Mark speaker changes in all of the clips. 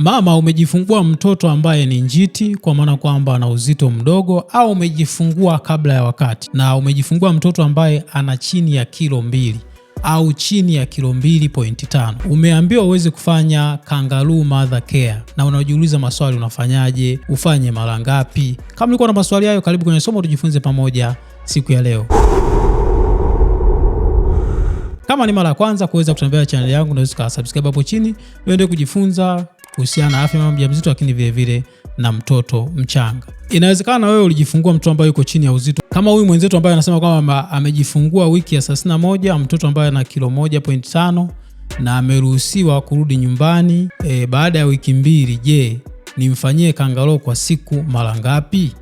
Speaker 1: Mama, umejifungua mtoto ambaye ni njiti, kwa maana kwamba ana uzito mdogo, au umejifungua kabla ya wakati na umejifungua mtoto ambaye ana chini ya kilo mbili au chini ya kilo mbili pointi tano. Umeambiwa uweze kufanya kangaroo mother care na unajiuliza maswali, unafanyaje? Ufanye mara ngapi? Kama ulikuwa na maswali hayo, karibu kwenye somo tujifunze pamoja siku ya leo. Kama ni mara ya kwanza kuweza kutembelea chaneli yangu, unaweza kusubscribe hapo chini uende kujifunza kuhusiana na afya mama mjamzito, lakini vile vile na mtoto mchanga. Inawezekana wewe ulijifungua mtoto ambaye yuko chini ya uzito kama huyu mwenzetu ambaye anasema kwamba amejifungua wiki ya 31, mtoto ambaye ana kilo 1.5 na ameruhusiwa kurudi nyumbani e, baada ya wiki mbili. Je, nimfanyie kangaroo kwa siku mara ngapi?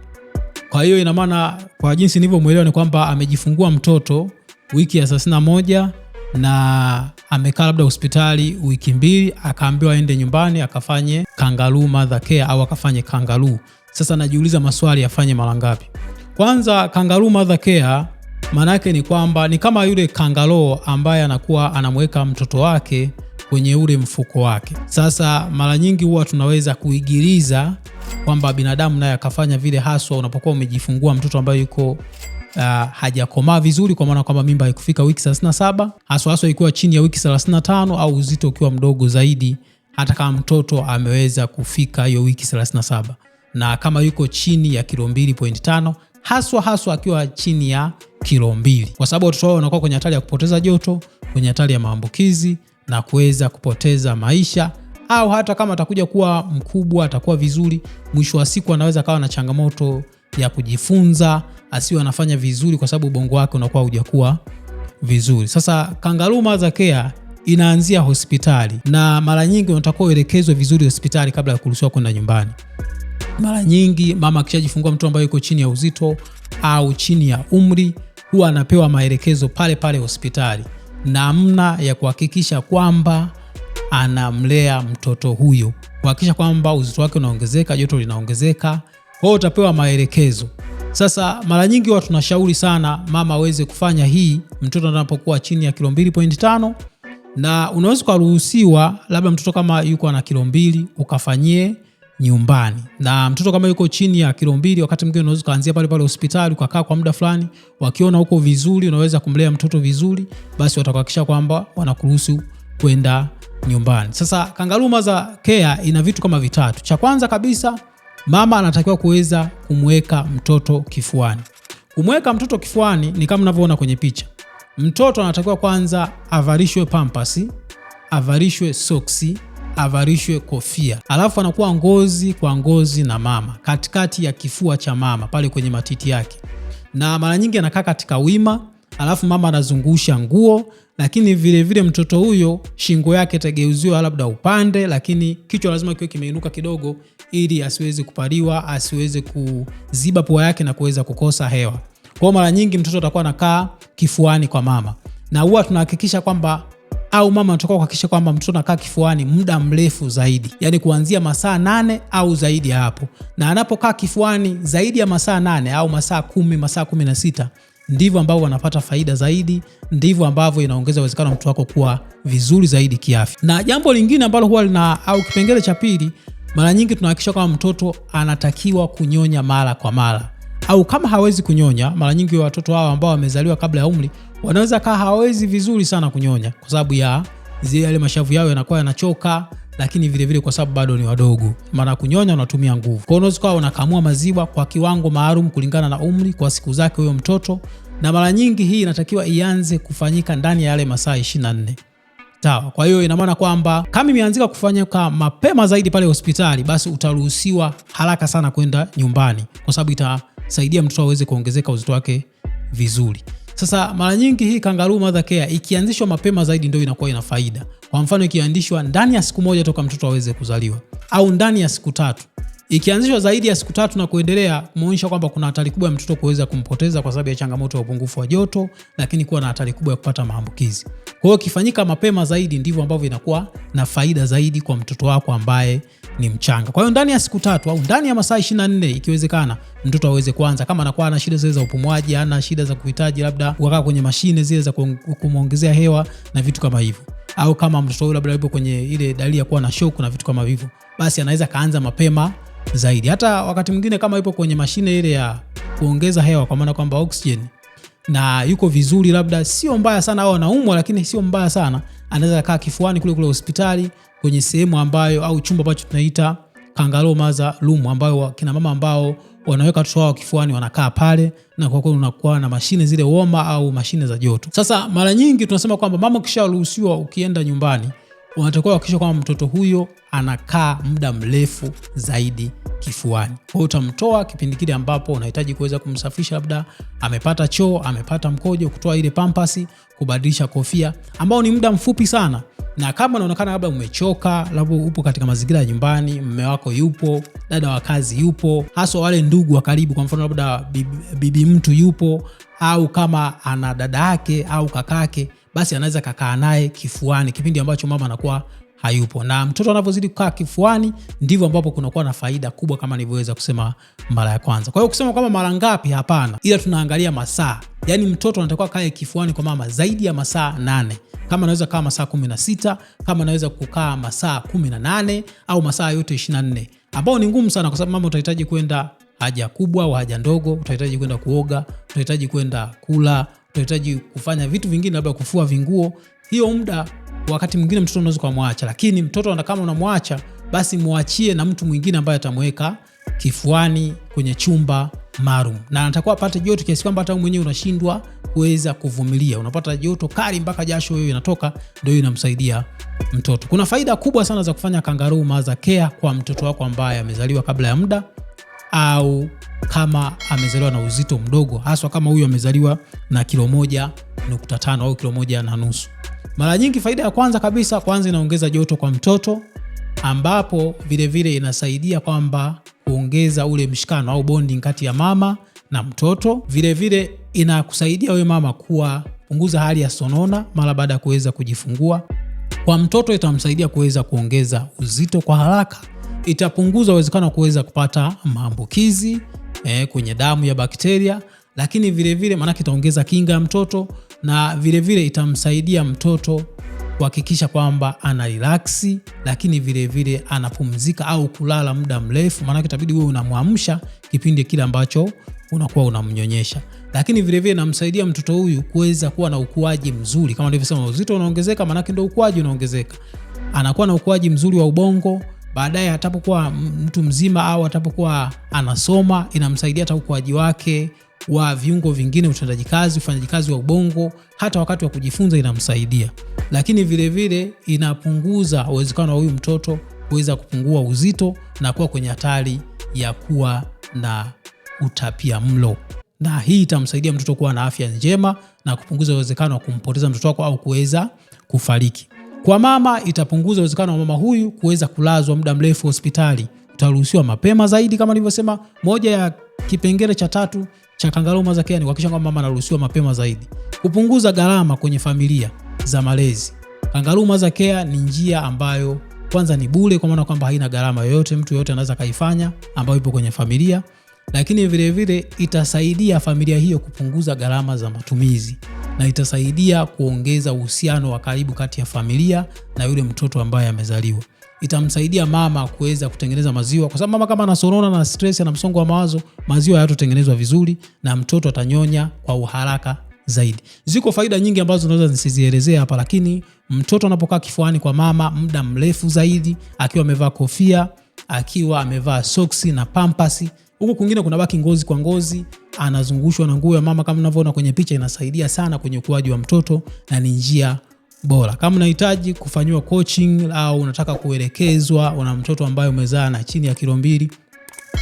Speaker 1: Kwa hiyo ina maana kwa jinsi nilivyomwelewa ni kwamba amejifungua mtoto wiki ya 31 na amekaa labda hospitali wiki mbili, akaambiwa aende nyumbani akafanye kangaruu mother care au akafanye kangaruu Sasa najiuliza maswali, afanye mara ngapi? Kwanza, kangaruu mother care maana yake ni kwamba ni kama yule kangalo ambaye anakuwa anamweka mtoto wake kwenye ule mfuko wake. Sasa mara nyingi huwa tunaweza kuigiliza kwamba binadamu naye akafanya vile, haswa unapokuwa umejifungua mtoto ambaye yuko uh, hajakomaa vizuri, kwa maana kwamba mimba haikufika wiki 37, haswa haswa ikiwa chini ya wiki 35 au uzito ukiwa mdogo zaidi, hata kama mtoto ameweza kufika hiyo wiki 37 na kama yuko chini ya kilo 2.5 haswa haswa akiwa chini ya kilo mbili, kwa sababu watoto wao wanakuwa kwenye hatari ya kupoteza joto, kwenye hatari ya maambukizi na kuweza kupoteza maisha, au hata kama atakuja kuwa mkubwa, atakuwa vizuri, mwisho wa siku anaweza akawa na changamoto ya kujifunza, asiwe anafanya vizuri kwa sababu ubongo wake unakuwa hujakuwa vizuri. Sasa kangaroo mother care inaanzia hospitali, na mara nyingi unatakiwa uelekezwe vizuri hospitali kabla ya kuruhusiwa kwenda nyumbani. Mara nyingi mama akishajifungua mtoto ambaye yuko chini ya uzito au chini ya umri, huwa anapewa maelekezo pale pale hospitali, namna ya kuhakikisha kwamba anamlea mtoto huyo, kuhakikisha kwamba uzito wake unaongezeka, joto linaongezeka, kwa hiyo utapewa maelekezo. Sasa mara nyingi huwa tunashauri sana mama aweze kufanya hii mtoto anapokuwa chini ya kilo 2.5, na unaweza ukaruhusiwa labda mtoto kama yuko na kilo mbili ukafanyie nyumbani, na mtoto kama yuko chini ya kilo mbili, wakati mwingine unaweza ukaanzia pale pale hospitali ukakaa kwa muda fulani. Wakiona huko vizuri, unaweza kumlea mtoto vizuri, basi watakuhakikisha kwamba wanakuruhusu kwenda nyumbani. Sasa kangaruu mother care ina vitu kama vitatu. Cha kwanza kabisa mama anatakiwa kuweza kumweka mtoto kifuani. Kumweka mtoto kifuani ni kama unavyoona kwenye picha. Mtoto anatakiwa kwanza avalishwe pampasi, avalishwe soksi, avalishwe kofia, alafu anakuwa ngozi kwa ngozi na mama, katikati ya kifua cha mama pale kwenye matiti yake, na mara nyingi anakaa katika wima alafu mama anazungusha nguo, lakini vile vile mtoto huyo shingo yake itageuziwa labda upande, lakini kichwa lazima kiwe kimeinuka kidogo, ili asiweze kupaliwa, asiweze kuziba pua yake na kuweza kukosa hewa. Kwa mara nyingi mtoto atakuwa anakaa kifuani kwa mama, na huwa tunahakikisha kwamba au mama anatoka kuhakikisha kwamba mtoto anakaa kifuani muda mrefu zaidi, yani kuanzia masaa nane au zaidi ya hapo. Na anapokaa kifuani zaidi ya masaa nane au masaa kumi, masaa kumi na sita, ndivyo ambavyo wanapata faida zaidi, ndivyo ambavyo inaongeza uwezekano mtu wako kuwa vizuri zaidi kiafya. Na jambo lingine ambalo huwa lina au kipengele cha pili, mara nyingi tunahakikisha kwamba mtoto anatakiwa kunyonya mara kwa mara, au kama hawezi kunyonya, mara nyingi watoto hao ambao wamezaliwa kabla ya umri wanaweza kaa hawezi vizuri sana kunyonya kwa sababu ya zile yale mashavu yao yanakuwa yanachoka lakini vile vile kwa sababu bado ni wadogo, maana kunyonya unatumia nguvu. Kwa hiyo unaweza kuwa unakamua maziwa kwa kiwango maalum kulingana na umri kwa siku zake huyo mtoto, na mara nyingi hii inatakiwa ianze kufanyika ndani ya yale masaa 24. Sawa. Kwa hiyo ina maana kwamba kama imeanzika kufanyika mapema zaidi pale hospitali, basi utaruhusiwa haraka sana kwenda nyumbani, kwa sababu itasaidia mtoto aweze kuongezeka uzito wake vizuri. Sasa mara nyingi hii kangaroo mother care ikianzishwa mapema zaidi ndio inakuwa ina faida. Kwa mfano ikiandishwa ndani ya siku moja toka mtoto aweze kuzaliwa au ndani ya siku tatu. Ikianzishwa zaidi ya siku tatu na kuendelea, kumeonyesha kwamba kuna hatari kubwa ya mtoto kuweza kumpoteza kwa sababu ya changamoto ya upungufu wa joto, lakini kuwa na hatari kubwa ya kupata maambukizi. Kwa hiyo ikifanyika mapema zaidi, ndivyo ambavyo inakuwa na faida zaidi kwa mtoto wako ambaye ni mchanga. Kwa hiyo ndani ya siku tatu au ndani ya masaa 24 ikiwezekana, mtoto aweze kuanza, kama anakuwa ana shida zile za upumuaji, ana shida za kuhitaji labda kukaa kwenye mashine zile za kumwongezea hewa na vitu kama hivyo au kama mtoto huyo labda yupo kwenye ile dalili ya kuwa na shock na vitu kama hivyo, basi anaweza kaanza mapema zaidi. Hata wakati mwingine kama yupo kwenye mashine ile ya kuongeza hewa, kwa maana kwamba oxygen, na yuko vizuri, labda sio mbaya sana, au anaumwa lakini sio mbaya sana, anaweza kaa kifuani kule kule hospitali kwenye sehemu ambayo au chumba ambacho tunaita kangaroo maza room, ambayo kina mama ambao wanaweka watoto wao kifuani wanakaa pale, na kwa kweli unakuwa na mashine zile woma au mashine za joto. Sasa mara nyingi tunasema kwamba mama ukisharuhusiwa ukienda nyumbani unatakiwa kuhakikisha kwamba mtoto huyo anakaa muda mrefu zaidi kifuani. Kwa hiyo utamtoa kipindi kile ambapo unahitaji kuweza kumsafisha, labda amepata choo, amepata mkojo, kutoa ile pampasi, kubadilisha kofia, ambao ni muda mfupi sana. Na kama unaonekana labda umechoka, labda upo katika mazingira ya nyumbani, mme wako yupo, dada wa kazi yupo, haswa wale ndugu wa karibu, kwa mfano labda bibi, bibi mtu yupo, au kama ana dada yake au kakake basi anaweza kakaa naye kifuani kipindi ambacho mama anakuwa hayupo, na mtoto anavyozidi kukaa kifuani ndivyo ambapo kunakuwa na faida kubwa, kama nilivyoweza kusema mara ya kwanza. Kwa hiyo kusema kwamba mara ngapi, hapana, ila tunaangalia masaa. Yaani mtoto anatakiwa kae kifuani kwa mama zaidi ya masaa nane. Kama anaweza kukaa masaa kumi na sita kama anaweza kukaa masaa kumi na nane au masaa yote na nne ambao ni ngumu sana, kwa sababu mama utahitaji kwenda haja kubwa au haja ndogo, utahitaji kwenda kuoga, utahitaji kwenda kula utahitaji kufanya vitu vingine, labda kufua vinguo. Hiyo muda wakati mwingine mtoto unaweza kumwacha, lakini mtoto kama unamwacha, basi mwachie na mtu mwingine ambaye atamweka kifuani kwenye chumba maalum, na anatakuwa apate joto kiasi kwamba hata mwenyewe unashindwa kuweza kuvumilia, unapata joto kali mpaka jasho hiyo inatoka, ndio inamsaidia mtoto. Kuna faida kubwa sana za kufanya kangaroo mother care kwa mtoto wako ambaye amezaliwa kabla ya muda au kama amezaliwa na uzito mdogo, haswa kama huyu amezaliwa na kilo moja nukta tano au kilo moja na nusu. Mara nyingi faida ya kwanza kabisa, kwanza inaongeza joto kwa mtoto, ambapo vilevile vile inasaidia kwamba kuongeza ule mshikano au bonding kati ya mama na mtoto. Vilevile vile inakusaidia wewe mama kuwa punguza hali ya sonona mara baada ya kuweza kujifungua. Kwa mtoto itamsaidia kuweza kuongeza uzito kwa haraka, itapunguza uwezekano wa kuweza kupata maambukizi eh, kwenye damu ya bakteria, lakini vilevile maanake itaongeza kinga ya mtoto na vilevile itamsaidia mtoto kuhakikisha kwamba ana relaksi, lakini vilevile anapumzika au kulala muda mrefu, maanake itabidi wewe unamwamsha kipindi kile ambacho unakuwa unamnyonyesha, lakini vilevile namsaidia mtoto huyu kuweza kuwa na ukuaji mzuri. Kama nilivyosema, uzito unaongezeka, maanake ndio ukuaji unaongezeka, anakuwa na ukuaji mzuri wa ubongo baadaye atapokuwa mtu mzima au atapokuwa anasoma, inamsaidia hata ukuaji wake wa viungo vingine, utendaji kazi, ufanyaji kazi wa ubongo, hata wakati wa kujifunza inamsaidia. Lakini vilevile vile, inapunguza uwezekano wa huyu mtoto kuweza kupungua uzito na kuwa kwenye hatari ya kuwa na utapia mlo, na hii itamsaidia mtoto kuwa na afya njema na kupunguza uwezekano wa kumpoteza mtoto wako au kuweza kufariki. Kwa mama itapunguza uwezekano wa mama huyu kuweza kulazwa muda mrefu hospitali. Utaruhusiwa mapema zaidi, kama nilivyosema, moja ya kipengele cha tatu cha kangaroo mother care ni kuhakikisha kwamba mama anaruhusiwa mapema zaidi. Kupunguza gharama kwenye familia za malezi. Kangaroo mother care ni njia ambayo kwanza ni bure, kwa maana kwamba haina gharama yoyote, mtu yoyote anaweza kaifanya, ambayo ipo kwenye familia, lakini vilevile itasaidia familia hiyo kupunguza gharama za matumizi na itasaidia kuongeza uhusiano wa karibu kati ya familia na yule mtoto ambaye amezaliwa. Itamsaidia mama kuweza kutengeneza maziwa, kwa sababu mama kama anasonona na stress, ana msongo wa mawazo, maziwa hayatotengenezwa vizuri na mtoto atanyonya kwa uharaka zaidi. Ziko faida nyingi ambazo naweza nisizielezea hapa, lakini mtoto anapokaa kifuani kwa mama muda mrefu zaidi, akiwa amevaa kofia, akiwa amevaa soksi na pampasi Huku kwingine kuna baki ngozi kwa ngozi, anazungushwa na nguo ya mama kama unavyoona kwenye picha. Inasaidia sana kwenye ukuaji wa mtoto na ni njia bora. Kama unahitaji kufanyiwa coaching au unataka kuelekezwa, una mtoto ambaye umezaa na chini ya kilo mbili,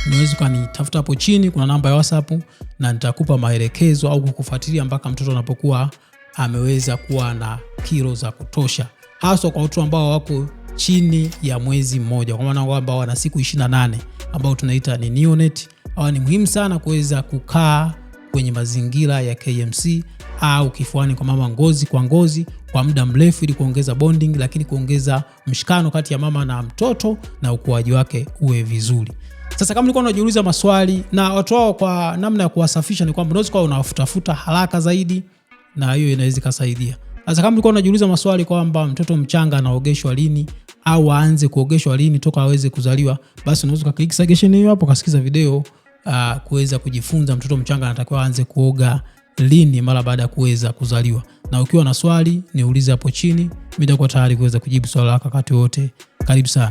Speaker 1: unaweza ukanitafuta hapo chini, kuna namba ya WhatsApp na nitakupa maelekezo au kukufuatilia mpaka mtoto anapokuwa ameweza kuwa na kilo za kutosha, haswa kwa watu ambao wako chini ya mwezi mmoja, kwa maana kwamba wana siku 28 ambao tunaita ni new Hawa ni muhimu sana kuweza kukaa kwenye mazingira ya KMC au kifuani kwa mama, ngozi kwa ngozi kwa muda mrefu, ili kuongeza bonding, lakini kuongeza mshikano kati ya mama na mtoto na ukuaji wake uwe vizuri. Sasa kama ulikuwa unajiuliza maswali na watu wao kwa namna ya kuwasafisha, ni kwamba unaweza kuwa unawafutafuta haraka zaidi, na hiyo inaweza ikasaidia. Sasa kama ulikuwa unajiuliza maswali kwamba mtoto mchanga anaogeshwa lini au aanze kuogeshwa lini toka aweze kuzaliwa, basi unaweza ukaklik suggestion hiyo hapo ukasikiza video uh, kuweza kujifunza mtoto mchanga anatakiwa aanze kuoga lini mara baada ya kuweza kuzaliwa. Na ukiwa na swali niulize hapo chini, mimi nitakuwa tayari kuweza kujibu swali lako wakati wote. Karibu sana.